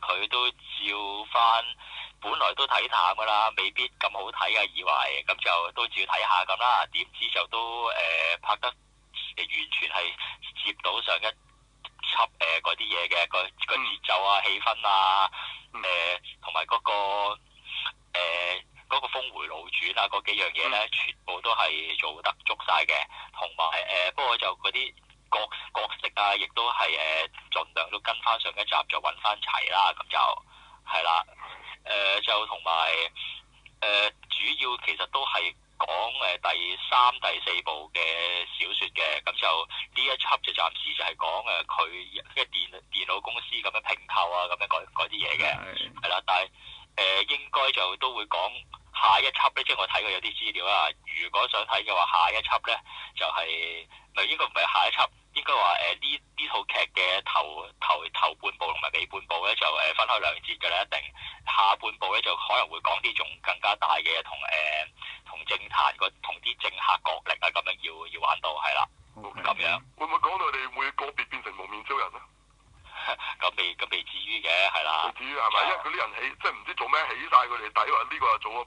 佢都照翻，本來都睇淡噶啦，未必咁好睇啊！以為咁就都照睇下咁啦。點知就都誒、呃、拍得完全係接到上一輯誒嗰啲嘢嘅個個節奏啊、氣氛啊、誒同埋嗰個誒嗰個峰迴路轉啊嗰幾樣嘢咧、嗯，全部都係做得足晒嘅。同埋誒，不過就嗰啲。角角色啊，亦都係誒、啊，盡量都跟翻上一集就就、呃，就揾翻齊啦。咁就係啦，誒就同埋誒主要其實都係講誒第三、第四部嘅小說嘅。咁就呢一輯就暫時就係講誒佢即係電電腦公司咁樣併購啊，咁樣嗰啲嘢嘅係啦。但係誒、呃、應該就都會講下一輯咧。即、就、係、是、我睇過有啲資料啦。如果想睇嘅話，下一輯咧就係、是、咪應該唔係下一輯？應該話誒呢呢套劇嘅頭頭頭半部同埋尾半部咧就誒分開兩節嘅，一定下半部咧就可能會講啲仲更加大嘅，同誒同政壇同啲政客角力啊，咁樣要要玩到係啦，咁、okay. 樣會唔會講到佢哋會個別變成幪面超人咧？咁未咁未至於嘅係啦，至於係咪？因為佢啲人起、yeah. 即係唔知道什麼做咩起晒佢哋，底係話呢個又做。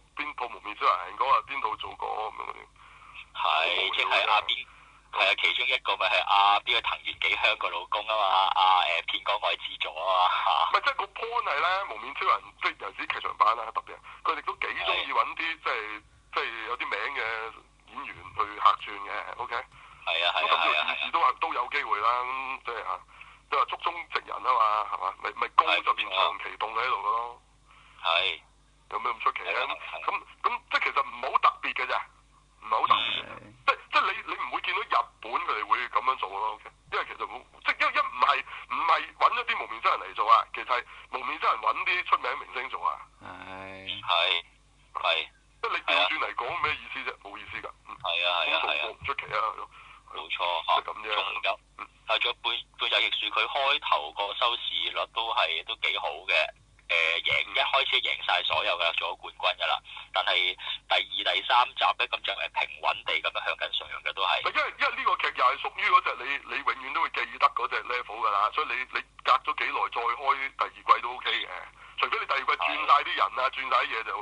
所以你你隔咗幾耐再開第二季都 O K 嘅，除非你第二季轉晒啲人啊，轉晒啲嘢就。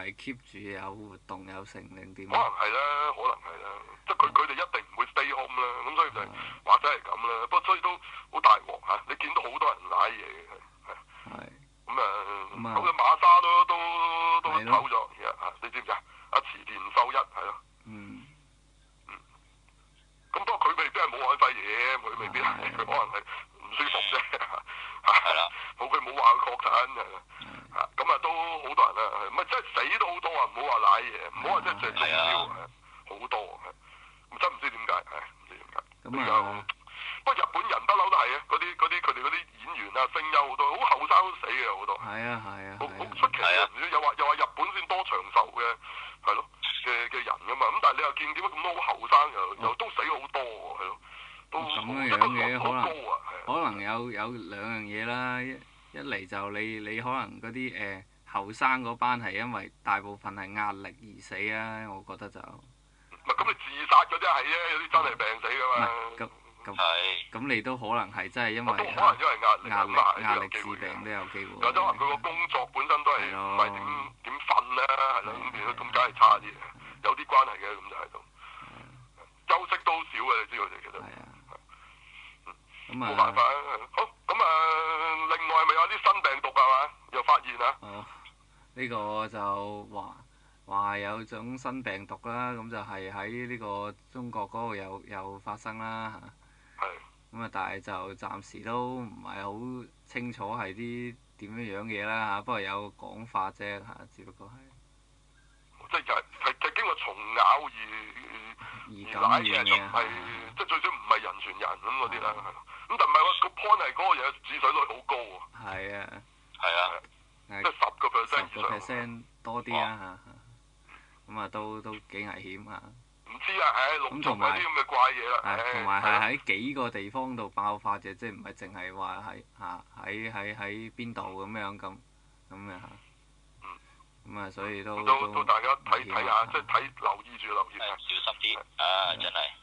係 keep 住有活動有成，定點？可能係啦，可能係啦，即佢佢哋一定唔會 stay home 啦、啊，咁所以就或者係咁啦，不過所以都好大鑊嚇，你見到好多人買嘢，係係，咁、嗯、啊，咁馬沙都都都走咗，你知唔知啊？阿池田秀一係咯，嗯，咁、嗯、不過佢未必係冇眼翳嘢，佢未必，佢可能係唔舒服啫，係 啦，好佢冇話確診都好多人啊，咪真係死都好多啊，唔好話瀨嘢，唔好話真係最中招、啊，好、啊啊、多嘅、啊，真唔知點解，係、哎、唔知點解、啊啊。不過日本人不嬲都係啊，嗰啲啲佢哋嗰啲演員啊，聲優好多，好後生都死嘅好多。係啊係啊。好、啊、出奇嘅、啊啊，又話又話日本先多長壽嘅，係咯嘅嘅人㗎、啊、嘛，咁但係你又見點解咁多好後生又又都死好多喎、啊，係咯、啊，都。好高啊。可能，、啊、可能有有兩樣嘢啦。一嚟就你你可能嗰啲誒後生嗰班係因為大部分係壓力而死啊，我覺得就唔係咁，你自殺咗啫係啫，有啲真係病死㗎嘛。咁咁咁，你都可能係真係因為都可能因為壓力壓力致病都有機會。嗱，都話佢個工作本身都係唔係點瞓啦，係咯，咁咁梗係差啲，有啲關係嘅，咁就喺度休息都少嘅，你知道就其實。咁啊，冇、嗯嗯、辦法、uh, 好咁啊。係咪有啲新病毒啊？嘛又發現啊？呢、啊呢個就話話有一種新病毒啦，咁就係喺呢個中國嗰度有有發生啦嚇。咁啊，但係就暫時都唔係好清楚係啲點樣樣嘢啦嚇，不過有講法啫嚇，只不過係即係就係、係、係經過蟲咬而而感染嘅，即係最少唔係人傳人咁嗰啲啦。咁但唔係喎，個 point 係嗰個嘢致死率好高喎。係啊，係啊，即係十個 percent 以上。多啲啊嚇，咁啊都都幾危險啊。唔知啊，唉。咁同埋啲咁嘅怪嘢啦。係同埋係喺幾個地方度爆發嘅，即係唔係淨係話喺嚇喺喺喺邊度咁樣咁咁嘅嚇。嗯。咁啊，所以都都都大家睇睇下，即係睇留意住留意下。小心啲啊！真係。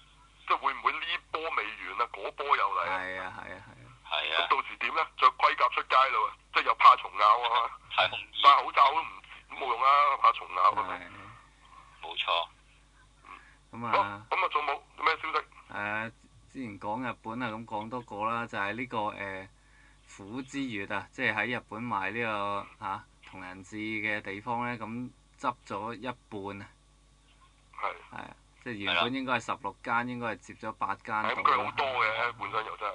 即係會唔會呢波未完啊？嗰波又嚟啊！係啊係啊係啊！咁到時點咧？着盔甲出街咯，即係又怕蟲咬啊嘛！ 戴口罩都唔冇 用啊，怕蟲咬係咪？冇錯。咁啊？咁啊仲冇咩消息？係、啊、之前講日本、就是這個呃、啊，咁講多個啦，就係呢個誒虎之穴啊，即係喺日本賣呢、呢個嚇、啊、同人誌嘅地方咧，咁執咗一半啊。係。係啊！即係原本應該係十六間，是啊、應該係接咗八間，嗯。誒好多嘅本身又真係，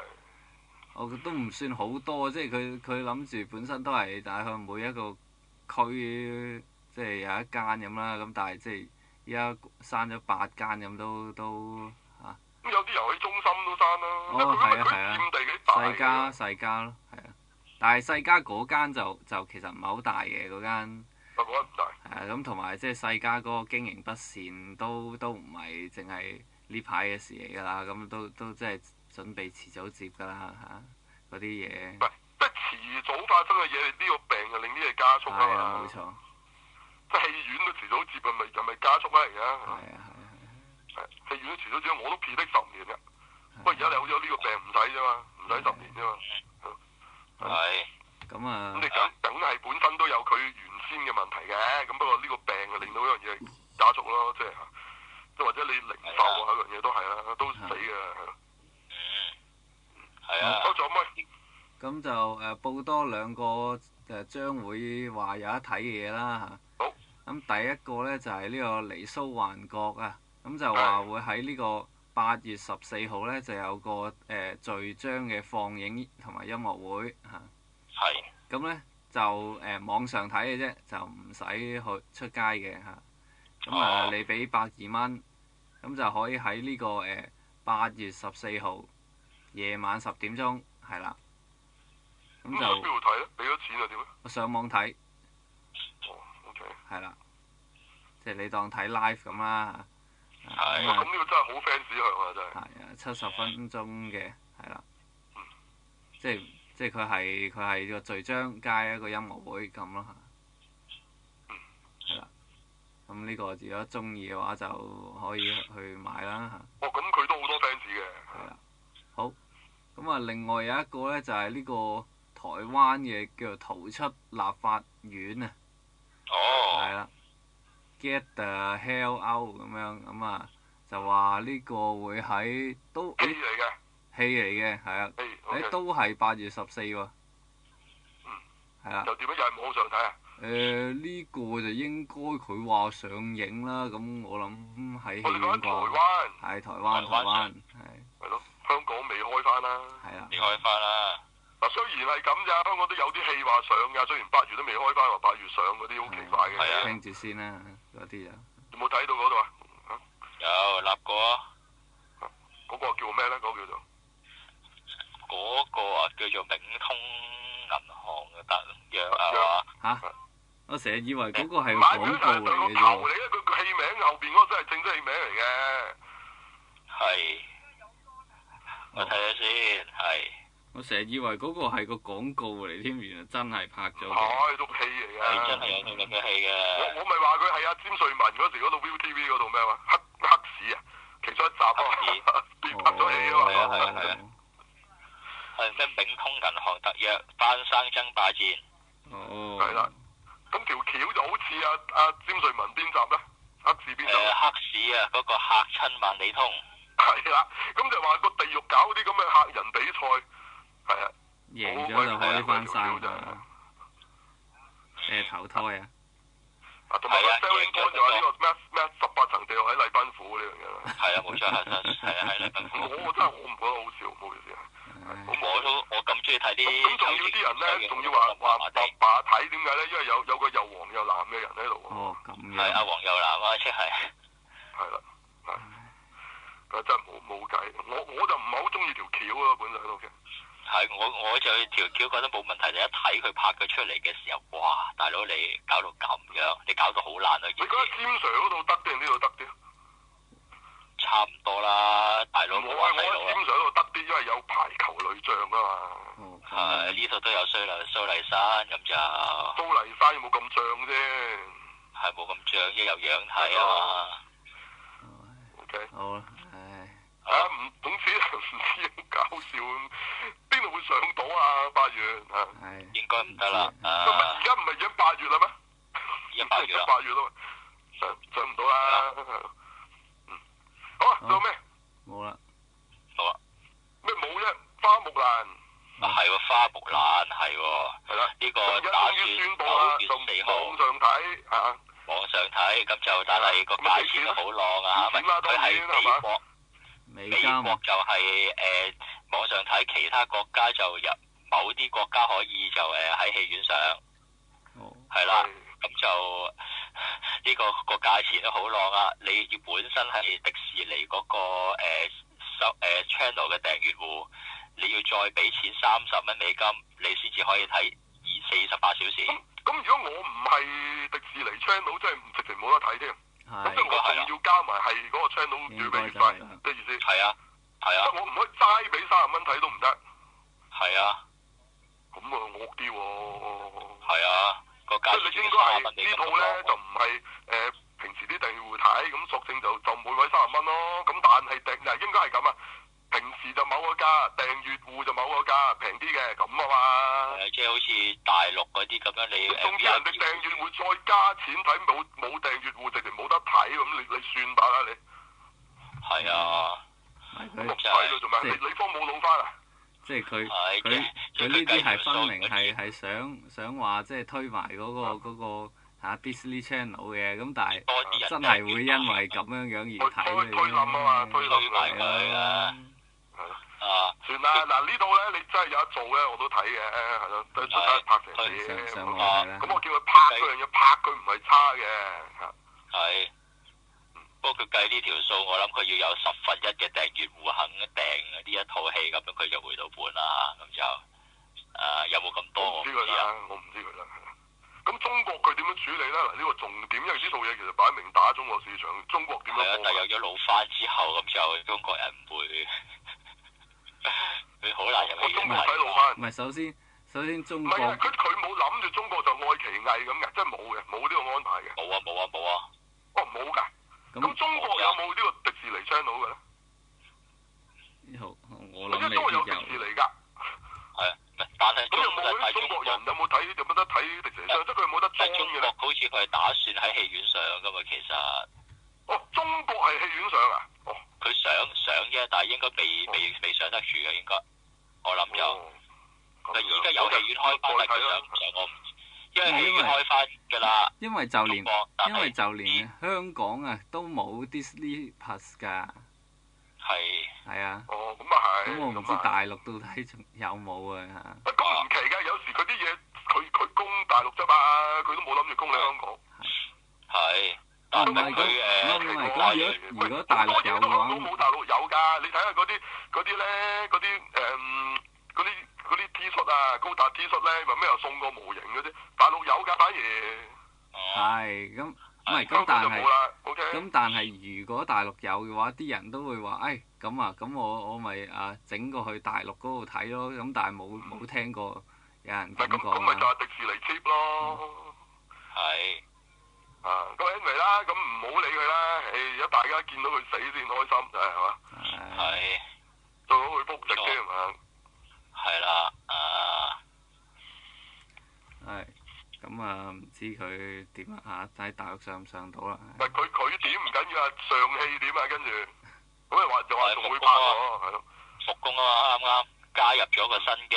我都唔算好多，嗯、即係佢佢諗住本身都係大概佢每一個區即係有一間咁啦，咁但係即係依家刪咗八間咁都都嚇。咁有啲遊戲中心都刪啦。哦，係啊，係啊。世嘉世嘉咯，係啊，但係世嘉嗰間就就其實唔係好大嘅嗰間。那個係啊，咁同埋即係世嘉嗰個經營不善都，都唔係是事都唔係淨係呢排嘅事嚟㗎啦，咁都都即係準備遲早接㗎啦嚇，嗰啲嘢。唔係，即係遲早發生嘅嘢，呢、呢個病就令呢嘢加速啦。冇、啊、錯。即係戲院都遲早接，咪又咪加速啦而家。係啊係啊。係、啊，戲院、啊啊啊啊、遲早接，我都記得十年㗎、啊。不過而家你好似有呢個病唔使啫嘛，唔使十年啫嘛。係、啊。咁、嗯、啊！你梗梗係本身都有佢原先嘅問題嘅，咁不過呢個病令到一樣嘢加速咯，即係嚇，即或者你零售嗰樣嘢都係啦，都死嘅，係咯、啊啊。嗯，啊。多咗乜？咁就誒報多兩個誒、呃、將會話有得睇嘅嘢啦嚇。好。咁第一個咧就係、是、呢個《尼蘇幻國》啊，咁就話會喺呢個八月十四號咧就有個誒序章嘅放映同埋音樂會嚇。係、啊。咁咧就誒、呃、網上睇嘅啫，就唔使去出街嘅吓咁啊，oh. 啊，你俾百二蚊，咁就可以喺、這個呃、呢個誒八月十四號夜晚十點鐘係啦。咁就邊度睇咧？俾咗錢就點咧？我上網睇。哦、oh.，OK。係啦，即係你當睇 live 咁啦。咁呢個真係好 fans 向呀真係。係、oh. 啊，七、oh. 十分鐘嘅係啦，即係。Mm. 就是即係佢係佢係個序章街一個音樂會咁咯，係啦。咁呢個如果中意嘅話就可以去買啦。哦，咁佢都好多 fans 嘅。係啊，好。咁啊，另外有一個咧就係呢個台灣嘅叫做逃出立法院啊。哦。係啦。Get the hell out 咁樣咁啊！就話呢個會喺都。幾時嚟㗎？戲嚟嘅。係啊，誒、hey, okay. 都係八月十四喎，嗯，係啊，又點樣？又係網上睇啊？誒、呢、呢個就應該佢話上映啦，咁我諗喺香港，喺、嗯、台灣，台灣，台灣，係，係咯、啊啊啊，香港未開翻啦，係啊，未開翻啦、啊。嗱雖然係咁咋，香港都有啲戲話上㗎，雖然八月都未開翻，話八月上嗰啲好奇怪嘅嘢、啊，聽住先啦嗰啲啊。有冇睇到嗰度啊？有立過，嗰個叫咩咧？嗰、嗰個叫做。個叫做永通銀行嘅特約係嘛？吓，我成日以為嗰個係廣告嚟嘅啫。我投你一個個戲名後邊嗰個真係正式戲名嚟嘅。係，我睇下先。係，我成日以為嗰個係個廣告嚟添，原來真係拍咗。係套戲嚟嘅。係真係有出咁嘅戲嘅。我我咪話佢係阿詹瑞文嗰時嗰度 Viu TV 嗰度咩話黑黑市啊，其中一集變拍咗戲啊嘛。係啊係啊。梁生永通銀行特約翻生爭霸戰，係、oh. 啦，咁條橋就好似阿阿詹瑞文邊集呢？黑市邊集，黑市啊，嗰、那個嚇親萬里通，係啦，咁就話個地獄搞啲咁嘅嚇人比賽，係啊，贏咗就開翻生誒投胎啊，啊同埋，啊啊啊、個 Math, Math《話呢個咩咩十八層地獄喺禮賓府呢樣嘢，係啦冇錯，係啦係啦我真係我唔覺得好笑，唔好意思， 咁仲要啲人咧，仲要話話白爸睇點解咧？因為有有個又黃又藍嘅人喺度，係阿黃又藍啊，即、就、係、是，係 啦，啊，真係冇冇計，我我就唔係好中意條橋啊，本身都嘅。係、okay? 我我就條橋覺得冇問題，你一睇佢拍佢出嚟嘅時候，哇，大佬你搞到咁樣，你搞到好難啊！你覺得詹 Sir 嗰度得定呢度得啲？差唔多啦，大佬我係我喺點上度得啲，因為有排球女將啊嘛。係呢度都有蘇麗蘇麗珊，咁就蘇麗珊冇咁漲啫。係冇咁漲，一有樣睇啊。O、okay. K，、okay. 好啦，唉，啊唔，總之唔知好搞笑咁，邊度會上到啊，八月應該唔得啦。啊，而家唔係講八月啦咩？而家八月八月咯上上唔到啦。啊好啊，有咩？冇、啊、啦，好啦、啊。咩冇咧？花木蘭。啊，係、啊、喎、啊，花木蘭係喎。係啦、啊，呢、啊這個打算九月尾開。網上睇啊。網上睇，咁、啊啊、就打、啊啊、但係個價錢好浪啊，佢喺、啊、美國。美國就係、是、誒，網、啊、上睇其他國家就入某啲國家可以就誒喺戲院上。哦、啊。係啦、啊，咁、啊啊啊啊、就。呢、這個、那個價錢都好浪啊！你要本身係迪士尼嗰、那個誒收、uh, uh, channel 嘅訂閱戶，你要再俾錢三十蚊美金，你先至可以睇二四十八小時。咁、嗯、如果我唔係迪士尼 channel，真係直情冇得睇添。咁即我仲要加埋係嗰個 channel 俾月費，跟住先，係啊，係啊。是是是，我唔可以齋俾三十蚊睇都唔得。係啊，咁啊惡啲喎、哦。係啊。即係你應該係呢套咧，就唔係誒，平時啲訂戶睇，咁索性就就每位三十蚊咯，咁但係訂嗱應該係咁啊，平時就某個價，訂月戶就某個價，平啲嘅咁啊嘛。誒，即係好似大陸嗰啲咁樣你誒邊有？總之人哋訂月戶再加錢睇，冇冇訂月戶直情冇得睇喎，咁你你算吧啦你。係、嗯、啊，冇睇咯，做、就、咩、是？你你方冇攞翻啊？即係佢佢佢呢啲係分明係係想想話即係推埋嗰、嗰個嗰 business channel 嘅，咁但係真係會因為咁樣樣而睇你咁。推咯，推、啊啊、算啦，嗱、啊啊、呢套咧你真係有做咧，我都睇嘅，係咯，都算得拍成嘢。咁、啊啊、我叫佢拍嗰樣嘢，拍佢唔係差嘅。不過佢計呢條數，我諗佢要有十分一嘅訂閱戶肯訂呢一套戲，咁樣佢就回到半啦。咁就誒、啊，有冇咁多？我唔知佢啦，我唔知佢啦。咁中國佢點樣處理咧？嗱，呢個重點，呢套嘢其實擺明打中國市場，中國點樣，但係有咗老翻之後，咁就中國人會，你 好難有安排。唔係，首先首先中國，唔係佢佢冇諗住中國就愛奇藝咁嘅，即係冇嘅，冇呢個安排嘅。冇啊冇啊冇啊，哦冇噶。咁中國有冇呢個迪士尼 channel 嘅咧？有，我諗未有。咁即係中國有迪士尼㗎。但係咁有冇中，中國人有冇睇？有冇得睇迪士尼 channel？即係佢冇得住中國，好似佢係打算喺戲院上㗎嘛，啊，其實。哦，中國係戲院上啊？佢上上啫，但係應該未未、哦、未上得住嘅應該。我諗有。但而家有戲院開翻，因為已經開翻噶啦，因為就連因為就連香港啊都冇 DisneyPlus 噶，係係啊，哦咁啊係，咁我唔知大陸到底仲有冇啊？啊，咁唔奇噶，有時佢啲嘢佢佢供大陸啫嘛，佢都冇諗住供你香港。係，咁但係如果如果如果大陸有嘅話，多嘢都香港冇，大陸有噶，你睇下嗰啲嗰啲咧，嗰啲誒嗰啲嗰啲 T 恤啊，高達 T 恤咧，咪咩又送個模型嗰啲？大陸有噶，反而係咁唔係咁但係咁但係如果大陸有嘅話，啲人都會話，哎咁啊咁我我咪啊整過去大陸嗰度睇咯，咁但係冇冇聽過有人咁講啊。咁咪揸迪士尼 chip 咯。係啊，咁咪啦，咁唔好理佢啦。唉，如果大家見到佢死先開心，係嘛？係最好佢撲唔直添啊！係啦。咁、嗯、啊，唔知佢點啊？喺大陸上唔上到啦？唔係佢佢點唔緊要啊，上戲點啊？跟住咁咪話就話仲會拍啊？復工啊嘛，啱啱加入咗個新嘅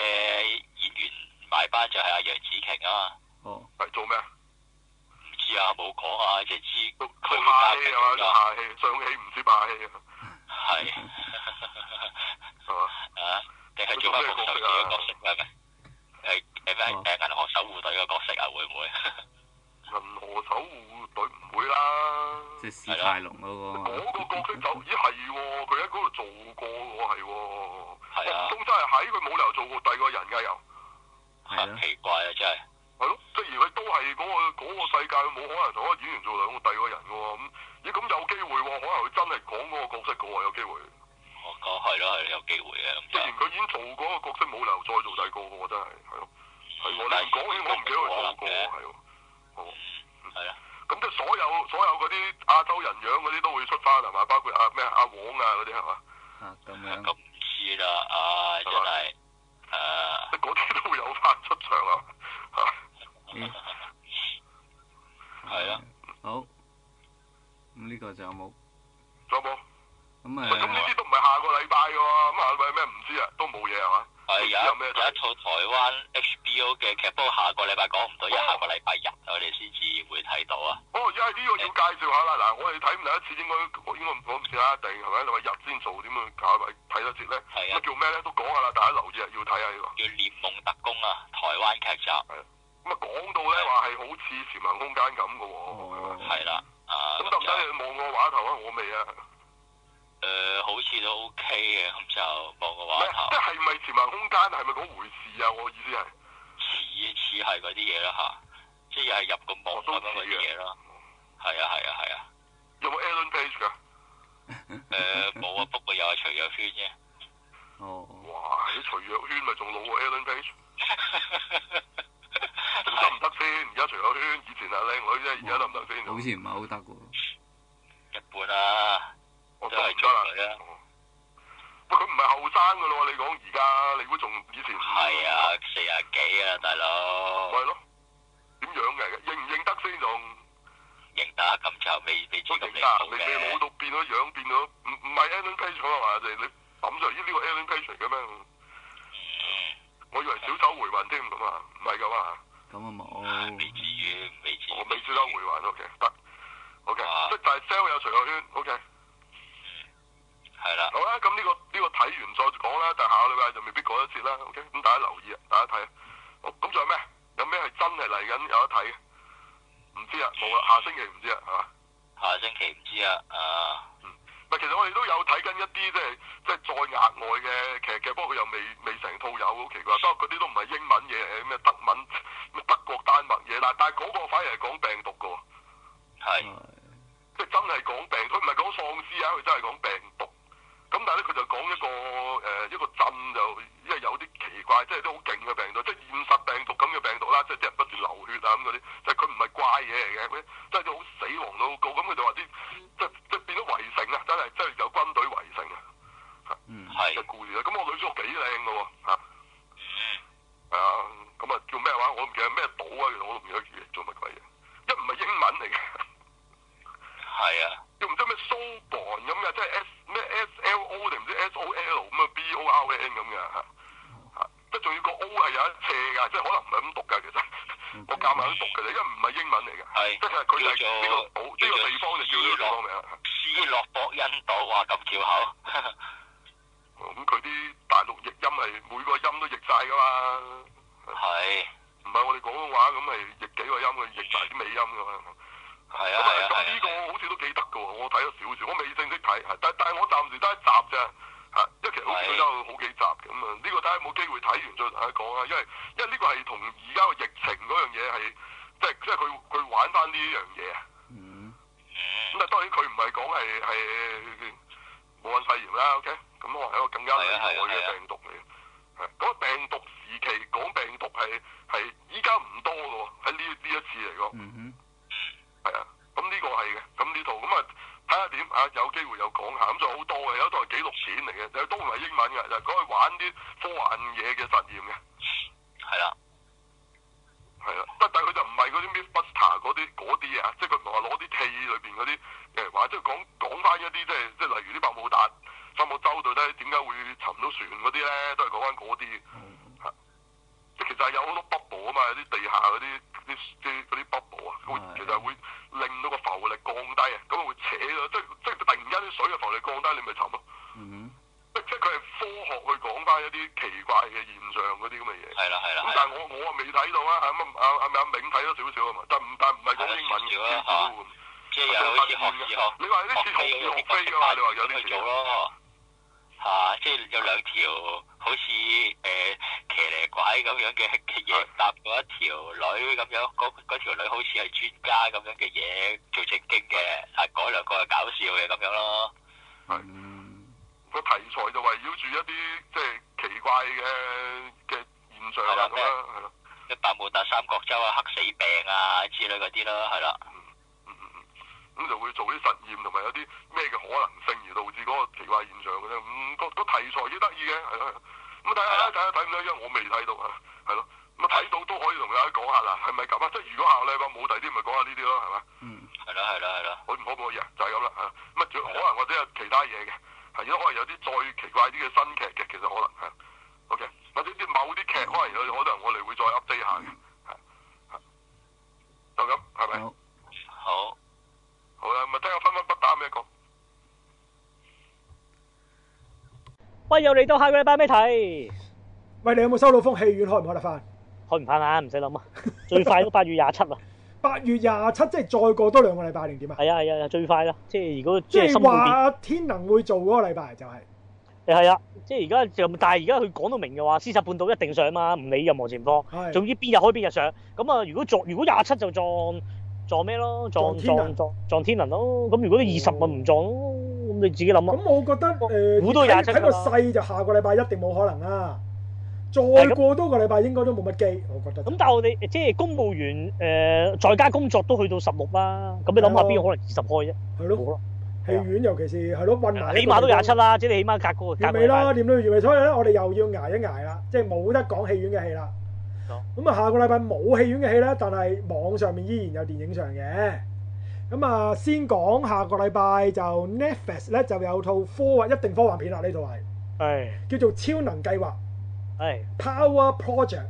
演員埋班，就係阿楊紫瓊啊嘛。哦，係做咩啊？唔知啊，冇講啊，即只知佢賣戲係嘛？下戲上戲唔知賣戲啊？係啊？定係做咩？角色係咪？唔會，銀 河守護隊唔會啦。即、就是、史泰龍嗰個。嗰 個角色就咦係喎，佢喺嗰度做過喎係喎。係、哦、啊。唔通真係喺佢冇理由做過第二個人噶又。係啊。奇怪啊真係。係咯、哦，即而佢都係嗰、嗰個、嗰個世界，冇可能同一個演員做兩個第二個人噶喎。咁咦咁有機會喎，可能佢真係講嗰個角色噶喎，有機會。哦，係咯，係有機會嘅。既然佢已經做嗰個角色，冇 理由再做第二個喎，真係。啊，包括阿咩、阿王啊嗰啲係嘛？咁樣。台灣劇集咁啊！講到咧，話係好似《潛行空間》咁噶喎，係啦，咁唔該你望個畫頭啊！可可你我未啊，誒、呃，好似都 OK 嘅咁就望個畫即係咪《潛行空間》係咪嗰回事啊？我意思係似似係嗰啲嘢啦吓，即係又係入個網咁樣嘅嘢咯，係啊係啊係啊！有冇 Ellen Page 噶？誒、 呃，冇啊，不過又係徐若瑄啫。哦，哇！啲徐若瑄咪仲老過 Ellen Page？仲得唔得先？而家徐可軒以前係靚女啫，而家得唔得先？好似唔係好得喎，一般啊，都係中女啦。喂，佢唔係後生噶咯？你講而家，你估仲以前？係啊，四啊幾啊大佬。咪係咯？點樣嚟嘅認唔認得飛龍？認得，咁就未未追到你講嘅。啊，你你老到變咗樣，變咗唔唔係 Ellen Page 啦嘛？就你諗住依呢個 Ellen Page 嘅咩？我以為小丑回魂添咁啊，唔係咁啊。咁啊冇。未至未知，我未知手回魂 OK，得 OK，、啊、即係但係 sell 有徐樂圈 OK。係啦。好啦，咁呢、呢個呢、呢個睇完再講啦，但、就、係、是、下個禮拜就未必講一次啦。OK，咁大家留意啊，大家睇。好，咁仲有咩？有咩係真係嚟緊有得睇唔知啊，冇啦。下星期唔知啦，係嘛？下星期唔知啊，啊。嗯其實我哋都有睇緊一啲即係即係再額外嘅劇劇，不過佢又未未成套有，有好奇怪，不過嗰啲都唔係英文嘢，咩德文、咩德國、丹麥嘢，嗱，但係嗰個反而係講病毒㗎，係即係真係講病毒，佢唔係講喪屍啊，佢真係講病毒。咁但係咧，佢就講一個誒、呃、一個鎮就因為有啲奇怪，即係都好勁嘅病毒，即係現實病毒。病毒啦，即係啲人不斷流血啊咁嗰啲，即係佢唔係怪嘢嚟嘅，即係好死亡到好高，咁佢就話啲即係即係變咗圍城啊，真係真係有軍隊圍城啊，嗯係嘅故事啦。咁我女咗幾靚噶喎，吓，係啊，咁啊叫咩話？我唔記得咩島啊,其實我都唔記得住做乜鬼嘢,因為唔係英文嚟嘅，係啊，又唔知咩 Soborn 咁嘅，即係咩 SLO 定唔知 SOL 咁啊 BORN 咁嘅吓。對個 O 係有一斜㗎，即係可能唔係咁讀㗎，其實我夾埋咁讀㗎啫，因為唔係英文嚟嘅，即係佢係呢個呢、這個、地方就是叫個地方名。斯洛博印度，哇，咁巧。咁佢啲大陸譯音係每個音都譯晒㗎嘛？係，唔係我哋廣東話咁係譯幾個音㗎，譯晒啲尾音㗎嘛？係啊咁呢、嗯啊嗯啊、個好似都幾得㗎喎，我睇咗少少，我未正式睇，但但係我暫時得一集啫。啊，因為其實好似都有好幾集嘅咁啊，呢、呢個睇下冇機會睇完再同大家講啊，因為因為呢個係同而家個疫情嗰樣嘢係、即係，即係即係佢佢玩翻呢樣嘢啊。嗯。咁但係當然佢唔係講係係無菌肺炎啦，OK？咁我係一個更加厲害嘅病毒嚟嘅。係。咁啊，病毒時期講病毒係係依家唔多嘅喎，喺呢呢一次嚟講。嗯係啊，咁呢個係嘅，咁呢套咁啊。一點嚇，有機會有講下，咁就好多嘅，有一套係紀錄片嚟嘅，又都唔係英文嘅，就講去玩啲科幻嘢嘅實驗嘅，係啦，係啦，但係佢就唔係嗰啲咩 buster 嗰啲嗰啲啊，即係佢話攞啲戲裏邊嗰啲，誒，或者講講翻一啲即係即係例如啲百慕達、三毛洲嗰啲，點解會沉到船嗰啲咧，都係講翻嗰啲，即、嗯、係其實係有好多北部啊嘛，啲地下嗰啲。啲啲嗰啲 bubble 啊，會其實會令到個浮力降低啊，咁啊會扯咗，即即突然間啲水嘅浮力降低，你咪沉咯、嗯哼。即即佢係科學去講翻一啲奇怪嘅現象嗰啲咁嘅嘢。係啦係啦。咁但係我我啊未睇到啊，咁啊阿阿阿銘睇咗少少啊嘛，但係唔但唔係講英文嘅。你你啊啊啊啊就是、兩條啊，即係又好似學飛飛啊，你話有啲做咯，即係有兩條好似誒、呃、騎呢拐咁樣嘅嘅嘢，搭嗰一條女咁樣，嗰條女好似係專家咁樣嘅嘢，做正經嘅，係改嚟改係搞笑嘅咁樣咯。係，個、嗯、題材就圍繞住一啲即係奇怪嘅嘅現象啦，咁咯，即係百慕達三角洲啊、黑死病啊之類嗰啲咯，係啦。嗯嗯嗯，咁就會做啲實驗同埋有啲咩嘅可能性而導致嗰個奇怪現象嘅啫。嗯，個個題材幾得意嘅，係。咁睇下啦，睇下睇唔睇因為我未睇到，係咯。咁啊睇到都可以同大家講下啦，係咪咁啊？即係如果下禮拜冇第啲，咪講下呢啲咯，係咪？嗯，係啦，係啦，係啦。好，唔好講嘢，就係咁啦嚇。咁啊，可能或者有其他嘢嘅，係如果可能有啲再奇怪啲嘅新劇嘅，其實可能嚇。O K，或者啲某啲劇，喂，有可能我哋會再 update 下嘅、嗯。就咁，係咪？好，好啦，咪聽下分分不打咩講？喂，又嚟到下個禮拜咩睇？喂，你有冇收到風，戲院開唔開得翻？開唔翻啊，唔使諗啊，最快都八月廿七啦。八月廿七即係再過多兩個禮拜定點啊？係啊係啊，最快啦！即係如果即係新會天能會做嗰個禮拜就係、是，係啊！即係而家就，但係而家佢講到明嘅話，屍殺半島一定上嘛，唔理任何情況。係。總之邊日開邊日上。咁啊，如果撞如果廿七就撞撞咩？咯，撞天能。撞撞，撞天能咯。咁如果二十咪唔撞咯。嗯你自己諗啊！咁我覺得誒，睇個勢就下個禮拜一定冇可能啦。再過多個禮拜應該都冇乜機，我覺得。咁但係我哋即係公務員誒，在家工作都去到十六啦。咁你諗下邊個可能二十開啫？係咯，戲院尤其是係咯，起碼都有廿七啦。即係你起碼隔個。完尾啦，點都完尾，所以咧，我哋又要捱一捱啦，即係冇得講戲院嘅戲啦。咁啊，下個禮拜冇戲院嘅戲咧，但係網上面依然有電影場嘅。咁啊，先講下個禮拜就 Netflix 咧，就有套科幻一定科幻片啦，呢套係，係叫做《超能計劃》，係 Power Project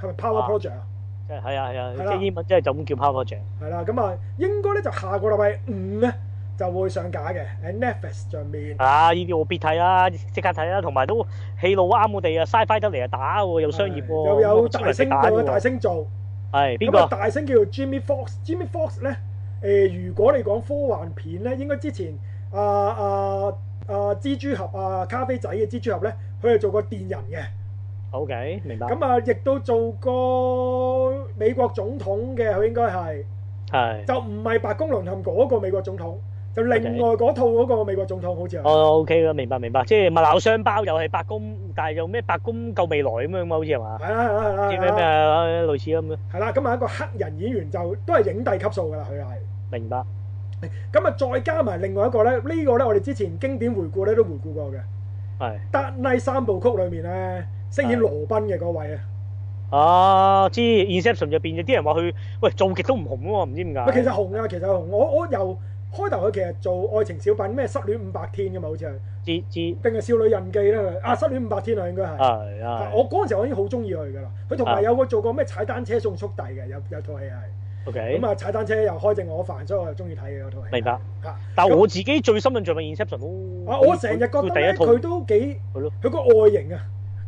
係咪 Power Project 啊？即係係啊係啊，啲英文即係就咁、係、叫 Power Project。係啦，咁啊，應該咧就下個禮拜五咧就會上架嘅喺 Netflix 上面。啊，呢啲我必睇啦，即刻睇啦，同埋都戲路啱我哋啊，曬翻得嚟啊打喎，又、啊、商業喎、啊，又有大星大星做。係邊、邊個？大星叫做 Jimmy Fox，Jimmy Fox 咧 Fox。誒，如果你講科幻片咧，應該之前啊啊啊蜘蛛俠啊，咖啡仔嘅蜘蛛俠咧，佢係做過電人嘅。OK，明白。咁啊，亦都做過美國總統嘅，佢應該係。係。就唔係白宮淪陷嗰個美國總統。就另外嗰套嗰個美國總統，好似啊，哦 O K 啦，明白明白，即係麥鬧雙胞又係白宮，但係又咩白宮救未來咁樣啊？好似係嘛？係啦，係啦，係啦，知唔知咩類似咁嘅？係啦，咁啊一個黑人演員就都係影帝級數㗎啦，佢係明白。咁啊，再加埋另外一個咧，呢個咧我哋之前經典回顧咧都回顧過嘅。係《Dark Knight 三部曲》裏面咧飾演羅賓嘅嗰位啊。啊知《Inception》入邊啲人話佢，喂做極都唔紅喎，唔知點解？唔係，其實紅㗎，其實紅。我我由開頭佢其實做愛情小品，咩失戀五百天㗎嘛，好似係知知，定係少女印記啦啊！失戀五百天啊，應該係係啊。我嗰陣時我已經好中意佢噶啦。佢同埋有個做過咩踩單車送速遞嘅，有有套戲係 OK 咁、嗯、啊！踩單車又開正我飯，所以我又中意睇嗰套戲。明白，但我自己最深印象咪 Inception、哦、我成日覺得佢都幾佢個外形啊，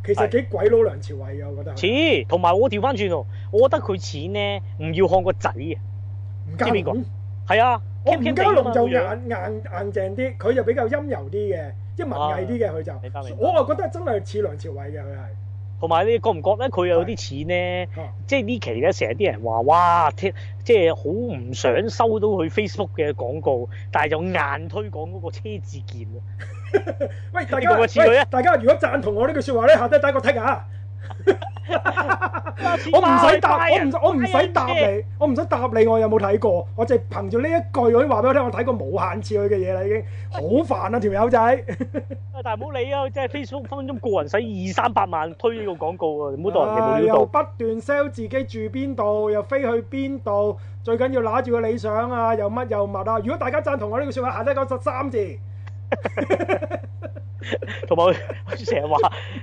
其實幾鬼佬。梁朝偉啊，我覺得。似，同埋我調翻轉，我覺得佢似呢，唔要看個仔唔知邊個係啊？我吳家龍就硬硬硬正啲，佢就比較陰柔啲嘅、啊，即文藝啲嘅佢就，我又覺得真係似梁朝偉嘅佢係。同埋你覺唔覺咧？佢有啲似呢？即呢期咧成日啲人話哇，即好唔想收到佢 Facebook 嘅廣告，但係就硬推廣嗰個車志健啊。喂，大家如果贊同我呢句説話咧，下低大個睇下。 我唔使答，我唔我唔使答你，我唔使答你。我有冇睇過？我淨係憑住呢一句我，我先話俾我聽。我睇過無限次佢嘅嘢啦，已經好煩啦，條友仔。啊， 但係唔好理啊，即 係 Facebook 分分鐘個人使二三百萬推呢個廣告啊，唔好當人哋冇聽到。又不斷 sell 自己住邊度，又飛去邊度，最緊要拿住個理想啊，又乜又物啊。如果大家贊同我，個 我,我 呢句說話，下低講十三字。同埋，我成日話，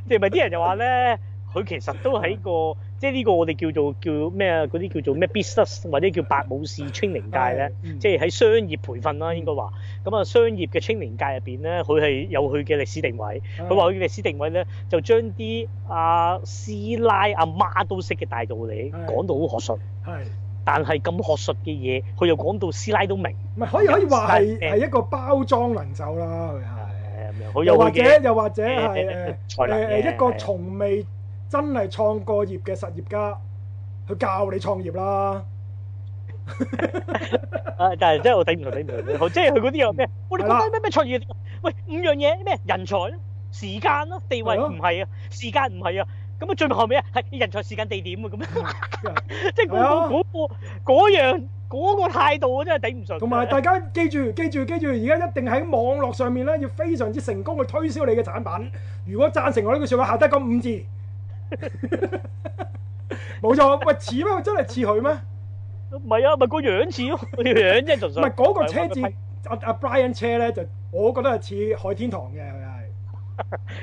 即係咪啲人又話咧？佢其實都喺個，即係呢個我哋叫做叫咩啊？嗰啲叫做咩 business 或者叫白武士青年界咧、嗯，即係喺商業培訓啦，應該話。咁啊，商業嘅青年界入邊咧，佢係有佢嘅歷史定位。佢話佢嘅歷史定位咧，就將啲阿師奶阿媽都識嘅大道理講到好學術。係。但係咁學術嘅嘢，佢又講到師奶都明。唔係可以可以話係係一個包裝能手啦，佢係。佢又或者又或者係才能誒誒一個從未真係創過業嘅實業家去教你創業啦。誒，但係真係我頂唔順頂唔順。好， 即係佢嗰啲又咩？我哋講緊咩咩創業？喂，五樣嘢咩人才咯、時間咯、啊、地位唔係啊， 時間唔係啊。咁啊，最後尾啊係人才、時間、地點啊咁樣。 即係嗰、嗰個嗰、 嗰個樣嗰個態度我真，真係頂唔順。同埋大家記住記住記住，而家一定喺網絡上面咧，要非常之成功去推銷你嘅產品。 如果贊成我呢句説話，下得個五字。冇 錯， 喂，似咩？真係似佢咩？唔 係啊，咪個樣似咯，個樣啫，純粹。唔係嗰個車子阿、 啊啊、Brian 車咧，就我覺得係似海天堂嘅又係。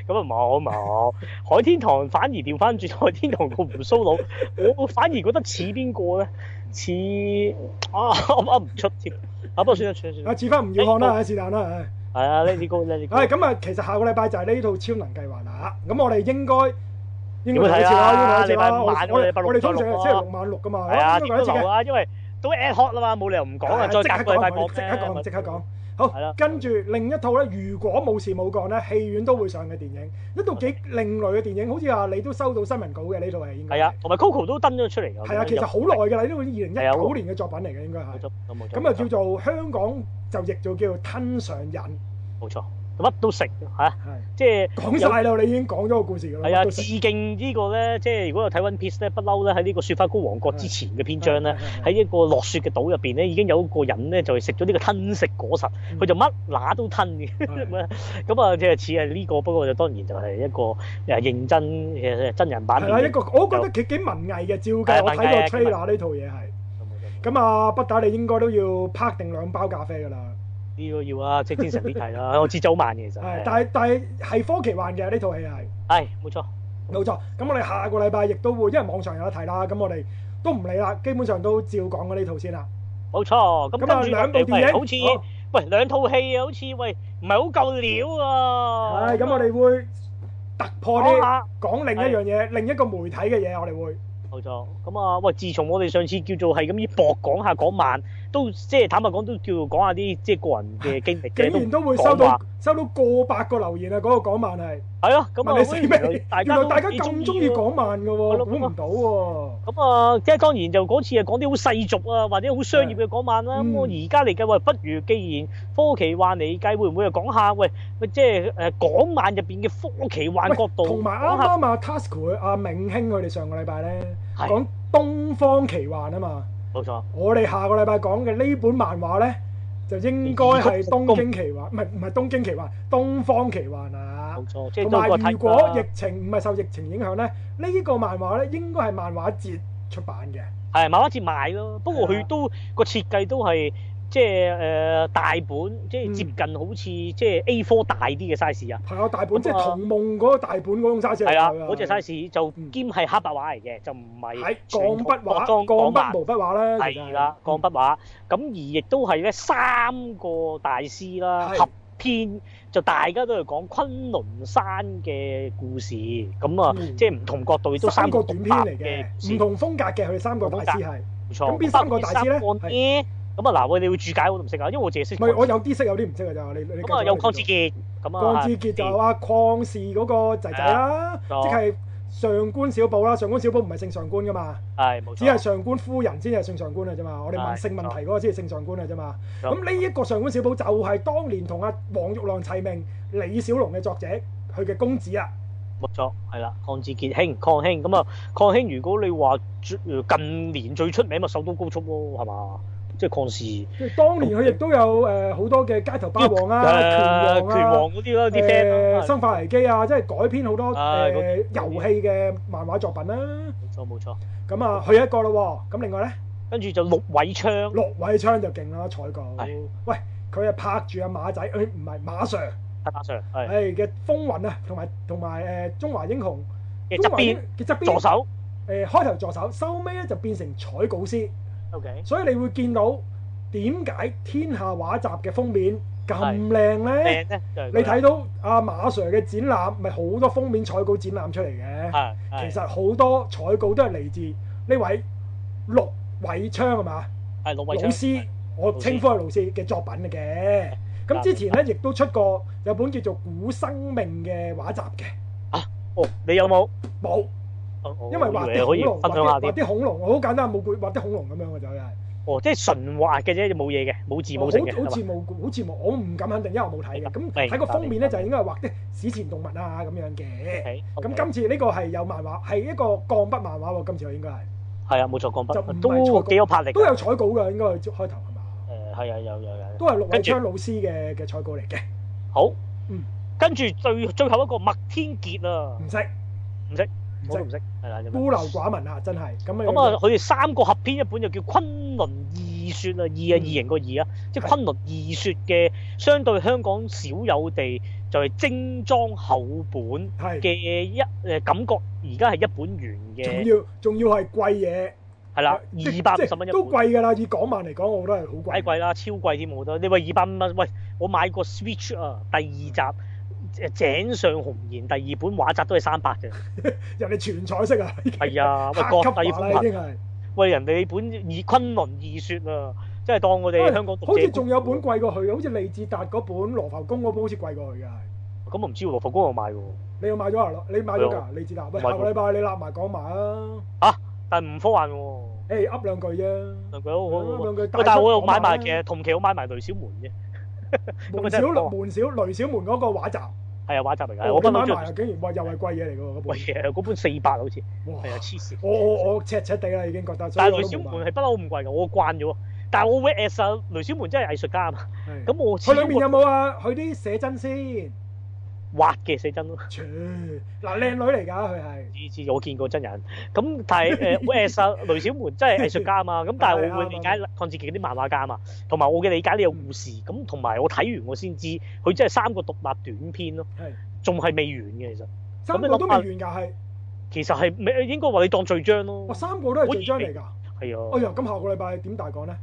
咁啊冇啊冇， 海天堂反而調翻轉，海天堂個鬍鬚佬， 我反而覺得似邊個咧？似 啊，我唔出添。啊，不過算啦算啦算啦，啊， 似翻吳耀漢啦，是但啦係。係啊，呢啲歌咧，係咁啊，其實下個禮拜就係呢套超能計劃啦。咁 我哋應該。應該睇一次啦，應該睇一次啦，我哋通常係星期六晚，我哋都六萬六噶嘛，係啊，都講一次啊，因為都 ad hoc 啦嘛，冇理由唔講啊，再即刻講，即刻講，即刻講，好，跟住另一套咧，如果冇事冇講咧，戲院都會上嘅電影，一套幾另類嘅電影，好似話你都收到新聞稿嘅呢套係應該，係啊，同埋 Coco 都登咗出嚟嘅，係啊，其實好耐噶啦，呢套二零一九年嘅作品嚟嘅應該係，咁啊叫做香港就譯就叫做吞上癮，冇錯。乜都食嚇、啊，即係講曬啦！你已經講咗個故事啦。係啊，致敬這個呢個咧，即係如果有睇《One Piece》咧，不嬲咧喺呢個雪花膏王國之前嘅篇章咧，喺一個落雪嘅島入邊咧，已經有一個人咧就係食咗呢個吞食果實，佢、嗯、就乜哪都吞嘅。咁、 嗯、啊，即係似係呢個，不過就當然就係一個誒認真、啊、真人版、啊。一個我覺得佢幾文藝嘅，照計我睇過 trailer 呢套嘢係。咁啊，不打、嗯嗯啊、你應該都要拍定兩包咖啡㗎啦。呢個要啊，即精神啲睇啦，我知走慢嘅其實。係，但係但係係科技幻嘅呢套戲係。係，冇錯，冇錯。咁我哋下個禮拜亦都會，因為網上有得睇啦。咁我哋都唔理啦，基本上都照講過呢套先啦。冇錯。咁跟住兩部電影，好似喂兩套戲啊，好似喂唔係好夠料喎。係，咁我哋會突破啲講另一樣嘢，另一個媒體嘅嘢，我哋會。冇錯。咁啊，喂，自從我哋上次叫做係咁樣博講下講慢。都即係坦白講，都叫講下啲即係個人嘅經歷嘅都會收到說，收到過百個留言啊！嗰、那個港漫係係咯，咁啊，啊原來大家咁中意港漫嘅喎，估唔到喎。咁啊，即、啊、係當然就嗰次啊，講啲好世俗啊，或者好商業嘅港漫啦、啊。咁我而家嚟計，喂、嗯，不如既然科奇幻嚟計，會唔會啊講下？喂，即係誒港漫入邊嘅科奇幻角度，同埋啱啱 Tasuku 佢阿銘兄佢哋上個禮拜咧講東方奇幻啊嘛。冇錯，我哋下個禮拜講嘅呢本漫畫呢，就應該係東京奇幻，唔係唔係東京奇幻，東方奇幻啊！冇錯，即係如果疫情唔係受疫情影響呢，呢個漫畫咧應該係漫畫節出版嘅。係漫畫節買咯，不過佢都個設計都係。即係誒、呃、大本，即係接近好似、嗯、即係 A 科大啲嘅 size、嗯的 size 嗯、啊！係大本即係同夢嗰個大本嗰種 size 啊！係、那個、啊，嗰、啊啊那個、size 就兼係黑白畫嚟嘅，就唔係鋼筆畫、鋼筆毛筆畫啦。係啦、啊，鋼筆、啊、畫咁、嗯、而亦都係咧三個大師啦是、啊、合編，就大家都係講昆崙山嘅故事咁啊，嗯、即係唔同角度都三個短篇嚟嘅，唔同風格嘅佢三個大師係。唔、啊、錯，咁邊三個大師咧？咁啊！嗱，我哋要注解我都唔識啊，因為我自己先唔係我有啲識，有啲唔識啊。咋，你你咁啊，有鄺志傑咁啊，鄺志傑就阿鄺氏嗰個仔仔啦，即係上官小寶啦。上官小寶唔係姓上官噶嘛，係冇，只係上官夫人先係姓上官嘅啫嘛。我哋問性問題嗰個先係姓上官嘅啫嘛。咁呢一個上官小寶就係當年同阿黃玉郎齊名李小龍嘅作者，佢嘅公子啊，冇錯係啦。鄺志傑兄，鄺兄咁啊，鄺兄，如果你話近年最出名咪首都高速咯，係嘛？即係抗日。當年佢亦都有誒，好多嘅街頭霸王啊、王啊、拳王啊、啊拳王啲、啊、咯、啲、欸、生化危機啊，即係改編好多誒遊戲嘅漫畫作品啦、啊。冇錯，冇錯。咁啊，去一個咯。咁另外咧，跟住就六位昌，六位昌就勁啊！彩稿。喂，佢係拍住阿馬仔，佢唔係馬 Sir，係馬 Sir，係嘅風雲啊，同埋同埋誒中華英雄，嘅側邊嘅側邊助手。誒、呃，開頭助手，收尾咧就變成彩稿師。所以你會見到點解天下畫集嘅封面咁靚咧？靚咧，你睇到阿馬 sir 嘅展覽，咪好多封面彩稿展覽出嚟嘅。係係，其實好多彩稿都係嚟自呢位陸偉昌係嘛？係陸偉老師，我稱呼係老師嘅作品嚟嘅。咁之前咧，亦都出過有本叫做《古生命》嘅畫集嘅。啊，哦，你有冇？冇。因為畫啲恐龍，畫啲恐龍，我好簡單冇畫啲恐龍咁樣嘅就係哦，即、就、係、是、純畫嘅啫，冇嘢嘅，冇字冇成好似冇，好似冇，我唔敢肯定，因為冇睇嘅咁喺個封面咧就是、應該係畫啲史前動物啊咁樣嘅。咁、okay. 今次呢個係有漫畫係一個鋼筆漫畫喎。今次我應該係係啊，冇錯，鋼筆都幾有魄力都有彩稿㗎，應該開頭係嘛？誒係啊，啊啊啊啊啊啊啊啊有有有都係陸昌老師嘅嘅彩稿嚟嘅好，嗯，跟住最最後一個麥天傑啊，唔識唔識。我都唔識，孤陋寡聞啊，真係。咁啊，佢哋三個合編一本就叫《昆崙二說》啊，二啊，二型個二啊、嗯，即係《崑崙二說》嘅相對香港少有地就係、是、精裝厚本嘅一誒感覺，而家係一本完嘅。仲要仲要係貴嘢。係啦，二百五十蚊一本都貴㗎啦，以港幣嚟講，我覺得係好貴。貴貴啦，超貴添，我覺得。你話二百五蚊，喂，我買個 Switch 啊，第二集。嗯井上雄彥第二本畫集都係三百嘅， 人哋全彩色啊、哎，係啊，各級第二本啊，喂，人哋本以崑崙、啊《以崑崙二雪》啊，即係當我哋香港好似仲有本貴過佢好似利志達嗰本，羅本、啊《羅浮宮》嗰本好似貴過佢㗎，咁我唔知喎，《羅浮宮》有買喎。你又買咗啊？你買咗㗎？利志、啊、達，喂，下個禮拜你立埋講埋啊！吓、啊？但係唔科幻喎。誒噏兩句啫。兩句好。兩句但係我又買埋嘅，啊、同期我買埋雷小梅嘅。 門小、哦、門小、雷小門嗰個畫集，係啊畫集嚟噶，我今日買啊，竟然哇又係貴嘢嚟噶，貴嘢，嗰、哎、本四百好似，係啊黐線，我我我赤赤地啦已經覺得，但係雷小門係不嬲咁貴噶，我慣咗，但係我 respect 啊，雷小門真係藝術家啊嘛，咁我，佢裏面有冇啊？佢啲寫真先。滑嘅寫真咯，嗱 靚女嚟㗎佢係，似似我見過真人，咁但係誒、 uh, 雷小門真係藝術家啊嘛，咁 但係我會理解康志奇嗰啲漫畫家啊嘛，同 埋我嘅理解呢個故事，咁同埋我睇完我先知，佢真係三個獨立短片咯，仲係未完嘅其實，三個都未完㗎係，其實係未應該話你當序章咯，三個都係序章嚟㗎，係啊，哎呀咁下個禮拜點大講咧？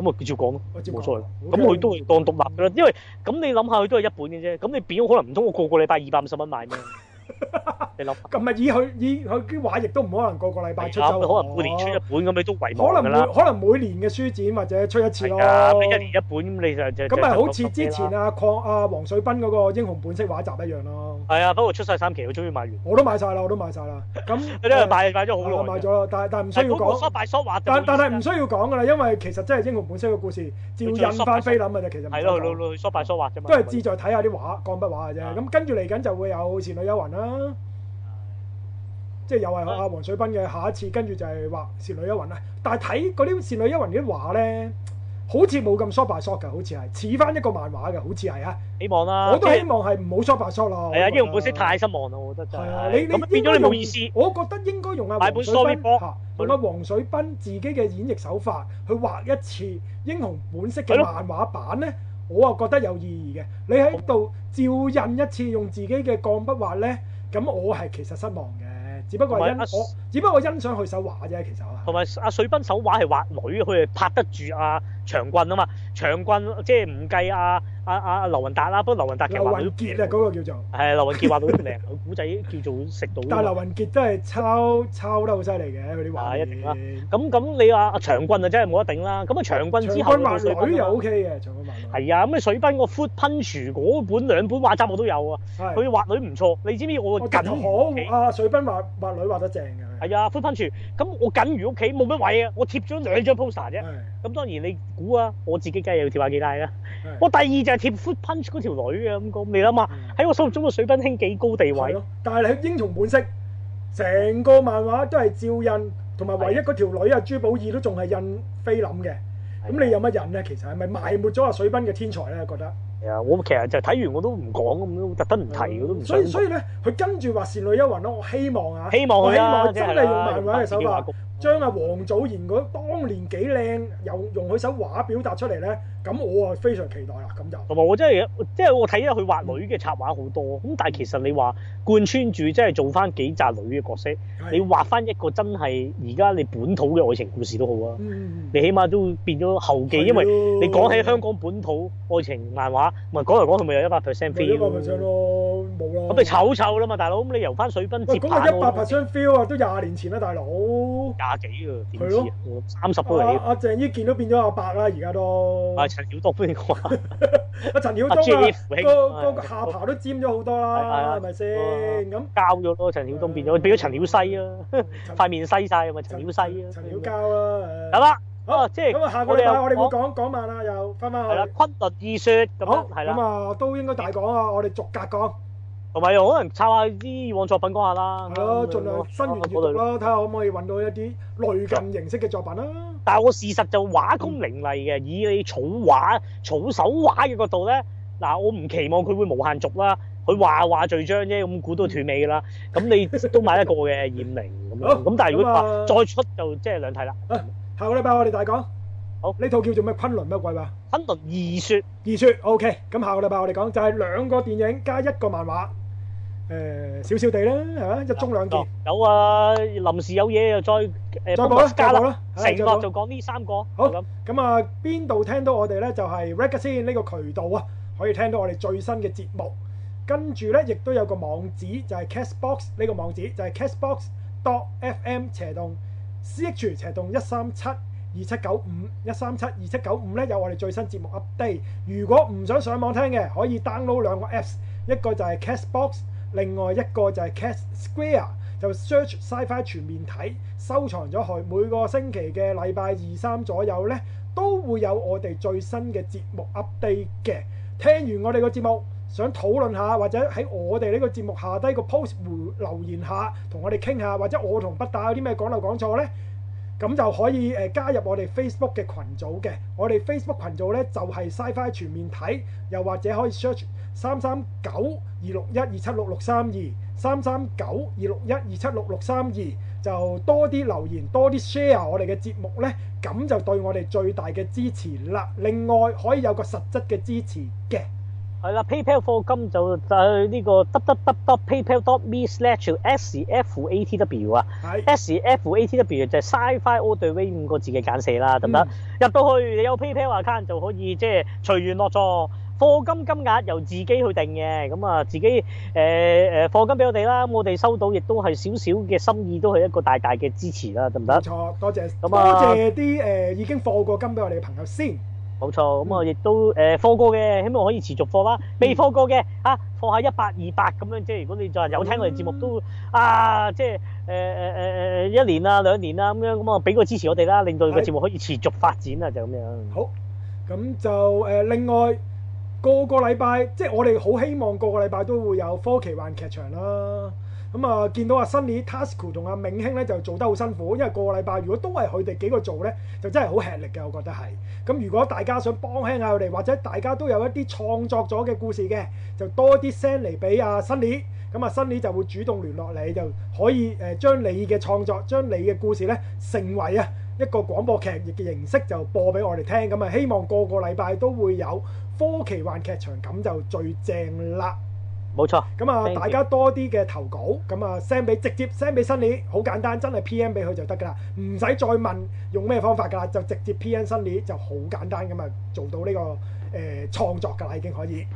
咁咪照講咯，冇錯。咁佢都係當獨立嘅啦、嗯，因為咁你諗下，佢都係一本嘅啫。咁你表可能唔通我個個禮拜二百五十蚊買咩？ 咁 咪你想 以佢以佢啲畫亦都唔可能個個禮拜出周、啊、可能每年出一本，咁你都為可能每可能每年嘅書展或者出一次咯。一年一本，咁你就就咁咪好似之前阿鄺阿黃水濱嗰個英雄本色畫集一樣咯、啊。係啊，不過出晒三期好鍾意買完。我都買晒啦，我都買晒啦。咁我 買買咗好耐，買咗啦。但係但係唔需要講但但係唔需要講噶啦，因為其實真係英雄本色嘅故事，照印翻菲林啊。其實係咯，老老縮筆縮畫啫嘛。都係志在睇下啲畫鋼筆畫嘅啫。咁跟住嚟緊就會有倩女幽魂啦。啊！即係又係阿黃水斌嘅下一次，跟住就係畫《倩女幽魂》啊！但係睇嗰啲《倩女幽魂》啲畫咧，好，shock shock 好似冇咁 short by short 好似係似翻一個漫畫嘅，好似係啊！希望啦、啊，我都希望係唔好 short by short 咯係啊，英雄本色太失望啦，我覺得真係。係啊，咁、啊、變咗你冇意思應該。我覺得應該用阿黃水斌阿黃水斌自己嘅演繹手法去畫一次英雄本色嘅漫畫版咧，我啊覺得有意義嘅。你喺度照印一次用自己嘅鋼筆畫咧。咁我係其實失望嘅，只不過、啊、我，只不過我欣賞佢手畫啫，其實我啊，同埋阿水斌手畫係畫女，佢係拍得住啊。長棍啊嘛，長棍即係唔計阿阿阿劉雲達啦，不過劉雲達其實劉雲傑啊嗰、嗰個叫做係劉雲傑畫到好靚，古 仔叫做食到。但係劉雲傑都係抄抄得好犀利嘅，啲畫一定啦。咁咁你話阿長棍啊，真係冇得頂啦。咁啊長棍之後長棍畫女又 OK 嘅，長棍畫女係啊咁、嗯、啊水兵個 Foot p u n c h 嗰本兩本畫集我都有啊，佢畫女唔錯。你知唔知我，我近行啊水兵畫女畫得正嘅、啊。係啊，Foot Punch，咁我僅如屋企冇乜位啊，我貼咗兩張 poster 啫。咁當然你估啊，我自己梗係要貼下幾大啦。我第二就係貼 Foot Punch 嗰條女啊，咁、那、講、個、你諗下，喺我心目中個水斌兄幾高地位。是但係你英雄本色，成個漫畫都係照印，同埋唯一嗰條女啊，朱寶意都仲係印菲林嘅。咁你有乜印咧？其實係咪埋沒咗阿水斌嘅天才咧？覺得？係啊，我其實就睇完我都唔講咁樣，特登唔提都唔、嗯。所以所以咧，佢跟住話《倩女幽魂》咯，我希望，希望啊，我希望佢真係用漫畫嘅手法。將阿王祖賢嗰當年幾靚，又用佢首畫表達出嚟咧，咁我啊非常期待啦！咁就同、是、埋我真係，即係我睇咗佢畫女嘅插畫好多，咁、嗯、但係其實你話貫穿住，即係做翻幾集女嘅角色，你畫翻一個真係而家你本土嘅愛情故事都好啊、嗯！你起碼都變咗後記，因為你講起香港本土愛情漫畫，咪係講嚟講去咪有一百 percent feel？一百 percent 咯，冇咯，咁你醜臭啦嘛，大佬！咁你由翻水兵接板。嗰個一百 percent feel 啊，都廿年前啦，大佬。廿幾個電視，三十多。阿鄭伊健都變咗阿伯啦，而家都。阿陳曉東飛啩？阿陳曉東啊，個個下巴都尖咗好多啦，係咪先？咁交咗咯，陳曉東變咗，變咗陳曉西啊，塊面西晒，咪陳曉西啊，陳曉交啦。得啦，好，即係咁啊，下個禮拜我哋會講講埋啦，又翻翻。係啦，崑崙易說咁，好，咁啊都應該大講啊，我哋逐格講。同埋又可能抄下啲以往作品，講下啦。係、嗯、啊，盡量新源接續啦，睇下可唔可以揾到一啲類近形式嘅作品啦。但係我事實就畫工凌厲嘅，以你草畫草手畫嘅角度咧，嗱，我唔期望佢會無限續啦。佢畫畫最張啫，咁估到斷尾啦。咁、嗯、你都買一個嘅驗靈咁樣。咁但係如果再出就即係兩睇啦。下個禮拜我哋大講好呢套叫做咩？《崑崙咩？鬼話》？《崑崙二說》。二說 OK。咁下個禮拜我哋講就係、是、兩個電影加一個漫畫，誒少少地啦，係嘛一中兩件有啊。臨時有嘢又再誒、呃、再補啦，加啦。承諾就講呢三個好咁啊。邊度聽到我哋咧？就係 Ragazine 呢個渠道啊，可以聽到我哋最新嘅節目。跟住咧，亦都有個網址就係、是、cast box 呢個網址就係、是、cast box dot fm 斜洞 c h 斜洞一三七二七九五一三七二七九五咧，有我哋最新節目 update。如果唔想上網聽嘅，可以 download 兩個 apps，一個就係 cast box。另外一個就係 Cast Square，就 Search Sci-Fi 全面睇，收藏咗佢每個星期嘅禮拜二三左右呢，都會有我哋最新嘅節目 update 嘅。聽完我哋個節目，想討論下或者喺我哋呢個節目下低個 post 留言下，同我哋傾下，或者我同不打有啲咩講漏講錯呢。咁就可以誒加入我哋 Facebook 嘅群組嘅。我哋 Facebook 群組呢，就係 Sci-Fi 全面睇，又或者可以 Search。三三九二六一二七六六三二，三三九二六一二七六六三二，就多啲留言，多啲 share 我哋嘅節目咧，咁就對我哋最大嘅支持啦。另外可以有個實質嘅支持嘅，係啦，PayPal 課金就這是就去呢個個 www.paypal.me/sfatw dot i s s l t 啊，sfatw 就係 SciFi All The Way 五個字嘅簡寫啦，得唔得？入到去你有 PayPal account 就可以即係隨緣落座。課金金額由自己去定嘅，咁、嗯、啊，自己誒誒課金俾我哋啦。咁我哋收到亦都係少少嘅心意，都係一個大大嘅支持啦，得唔得？冇錯，多謝咁、啊、嗯，多謝啲誒、呃、已經課過金俾我哋嘅朋友先。冇錯，咁、嗯、啊，亦、嗯嗯、都誒課過嘅，希望可以持續課啦。未課過嘅嚇課下一百、二百咁樣，即係如果你再有聽我哋節目，嗯、都啊，即係誒誒誒誒一年啊兩年啊咁樣，咁啊俾個支持我哋啦，令到你個節目可以持續發展啊，就咁樣。好，咁就誒、呃、另外。個個禮拜，即係我哋好希望個個禮拜都會有科奇幻劇場啦。咁、嗯、啊，見到阿 Sunny、Tasuku 同阿銘興咧，就做得好辛苦，因為個個禮拜如果都係佢哋幾個做咧，就真係好吃力嘅。我覺得係咁、嗯。如果大家想幫輕下佢哋，或者大家都有一啲創作咗嘅故事嘅，就多啲 send 嚟俾阿 Sunny、嗯。咁啊，Sunny 就會主動聯絡你，就可以誒將、呃、你嘅創作、將你嘅故事咧成為啊一個廣播劇嘅形式就播俾我哋聽。咁、嗯、啊，希望個個禮拜都會有。科奇幻劇場咁就最正啦，冇錯。咁啊，大家多啲嘅投稿，咁啊 send 俾直接 send 俾 Sunny，好簡單，真係 PM 俾佢就得噶啦，唔使再問用咩方法噶啦，就直接 PM Sunny 就好簡單咁啊，做到呢、這個誒、呃、創作噶啦，已經可以。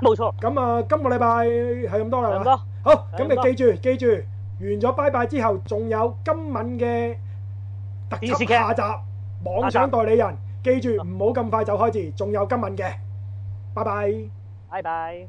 冇錯。咁啊，今個禮拜係咁多啦，好。咁你記住記住，完咗拜拜之後，仲有今晚嘅特輯下集《妄想代理人》。記住唔好咁快就開始，仲有今晚嘅，拜拜。拜拜。